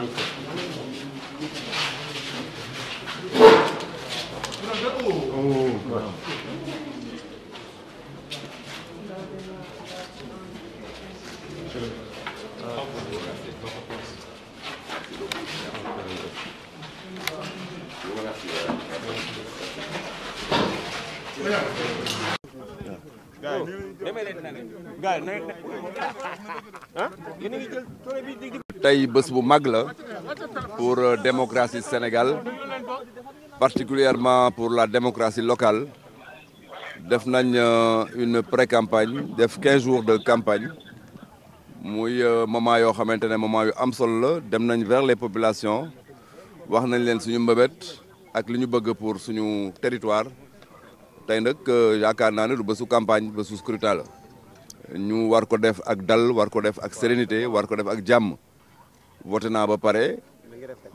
gaa yi na ngeen ah yéen a ngi jël tool bi di tey bés bu mag la pour euh, démocratie Sénégal particulièrement pour la démocratie locale def nañ euh, une pré-campagne def quinze jours de campagne muy euh, moment yoo xamante ne moment yu am solo la dem nañ vers les populations wax nañ leen suñu mbëbët ak li ñu bëgg pour suñu territoire tey nag yaakaar naa ne du bésu campagne bésu scrutin la ñu war ko def ak dal war ko def ak sérénité war ko def ak jàmm voté naa ba pare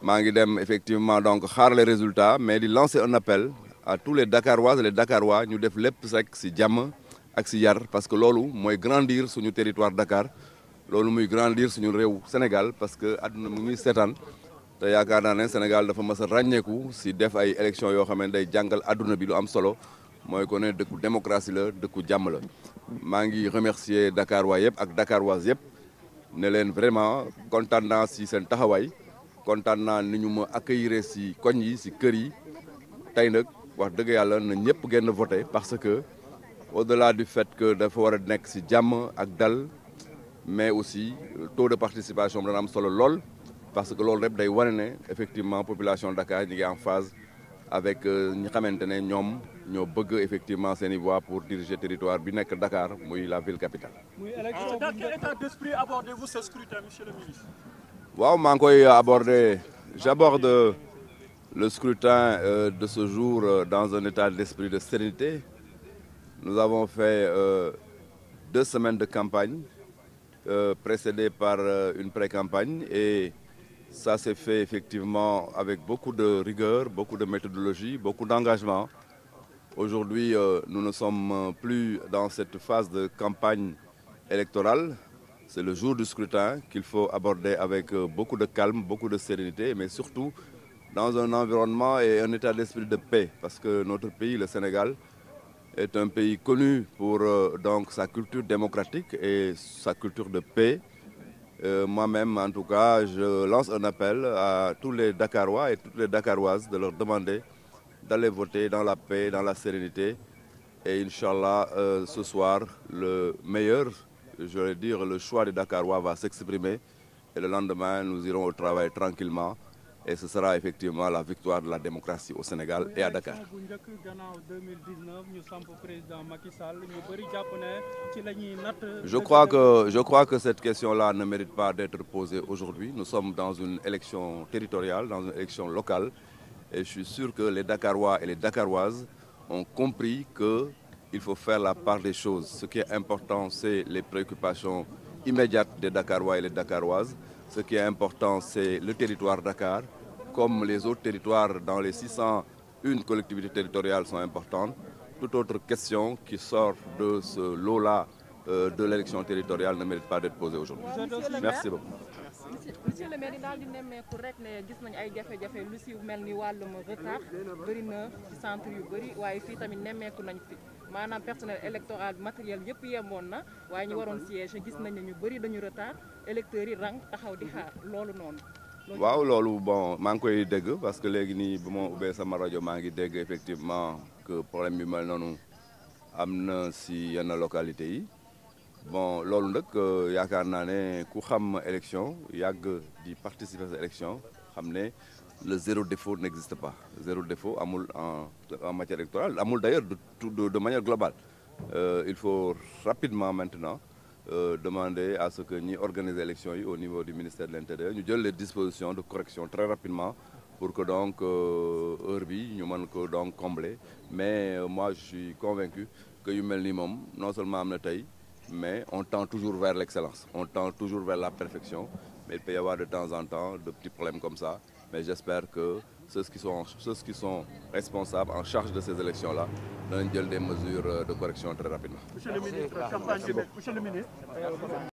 maa ngi dem effectivement donc xaar les résultats mais di lancer un appel à tous les Dakaroises et les waa ñu def lépp rek si jàmm ak si yar parce que loolu mooy grandir suñu territoire Dakar loolu muy grandir suñu réew Sénégal parce que àdduna mu ngi seetaan te yaakaar naa ne Sénégal dafa mës a ràññeeku si def ay élections yoo xam ne day jàngal àdduna bi du am solo mooy ko ne dëkku démocratie la dëkku jàmm la maa ngi remercier Dakarois yëpp ak Dakaroises yëpp. ne leen vraiment kontaan naa si seen taxawaay kontaan naa ni ñu ma accueillir si koñ yi si kër yi tey nag wax dëgg yàlla na ñëpp génn vote parce que au-delà du fait que dafa war a nekk si jàmm ak dal mais aussi taux de participation bi dana am solo lool parce que loolu rek day wane ne effectivement population Dakar ñu ngi en phase avec euh, ñi xamante ne ñoom ñoo bëgg effectivement seen i voix pour diriger territoire bi nekk Dakar muy la ville capitale. muy élection dans quel état d'esprit le ministre. waaw maa aborder j'aborde le scrutin euh, de ce jour euh, dans un état d'esprit de sérénité nous avons fait deux semaines de campagne précédées par une pré-campagne et. Ça s'est fait effectivement avec beaucoup de rigueur, beaucoup de méthodologie, beaucoup d'engagement. Aujourd'hui, euh, nous ne sommes plus dans cette phase de campagne électorale. C'est le jour du scrutin qu'il faut aborder avec euh, beaucoup de calme, beaucoup de sérénité, mais surtout dans un environnement et un état d'esprit de paix, parce que notre pays, le Sénégal, est un pays connu pour euh, donc sa culture démocratique et sa culture de paix. Euh, Moi-même, en tout cas, je lance un appel à tous les Dakarois et toutes les Dakaroises de leur demander d'aller voter dans la paix, dans la sérénité. Et Inch'Allah, euh, ce soir, le meilleur, je vais dire, le choix des Dakarois va s'exprimer. Et le lendemain, nous irons au travail tranquillement. et ce sera effectivement la victoire de la démocratie au Sénégal et à Dakar. je crois que je crois que cette question-là ne mérite pas d'être posée aujourd'hui nous sommes dans une élection territoriale dans une élection locale et je suis sûr que les Dakarois et les Dakaroises ont compris que il faut faire la part des choses ce qui est important c'est les préoccupations immédiate des Dakarois et les Dakaroises. Ce qui est important, c'est le territoire Dakar, comme les autres territoires dans les 601 collectivités territoriales sont importantes. Toute autre question qui sort de ce lot-là euh, de l'élection territoriale ne mérite pas d'être posée aujourd'hui. monsieur le maire daal di nemmeeku rek ne gis nañu ay jafe-jafe lu si mel ni wàllum retard bëri na ci centre yu bëri waaye fii tamit nemmeeku nañ fi maanaam personnel électoral matériel yëpp yemoon na waaye ñu waroon siège gis nañ ne ñu bëri dañu retard électeurs yi rang taxaw di xaar loolu noonu. waaw loolu bon maa ngi koy dégg parce que léegi nii bu ma ubbee sama rajo maa ngi dégg effectivement que problème bi ma noonu am na si yenn localités yi. bon loolu nag euh, yaakaar naa ne ku xam élection yàgg di participer sa élection xam ne le zéro défaut n'existe pas zéro défaut amul en en matière électorale amul d'ailleurs de de de manière globale euh, il faut rapidement maintenant euh, demander à ce que ñi organiser élection yi au niveau du ministère de l'Intérieur ñu jël les dispositions de correction très rapidement pour que donc euh, heure bi ñu mën ko donc combler mais euh, moi je yu mel ni moom non seulement am na tey mais on tend toujours vers l'excellence, on tend toujours vers la perfection, mais il peut y avoir de temps en temps de petits problèmes comme ça, mais j'espère que ceux qui sont, ceux qui sont responsables en charge de ces élections-là danañ jël des mesures euh, de correction très rapidement. Monsieur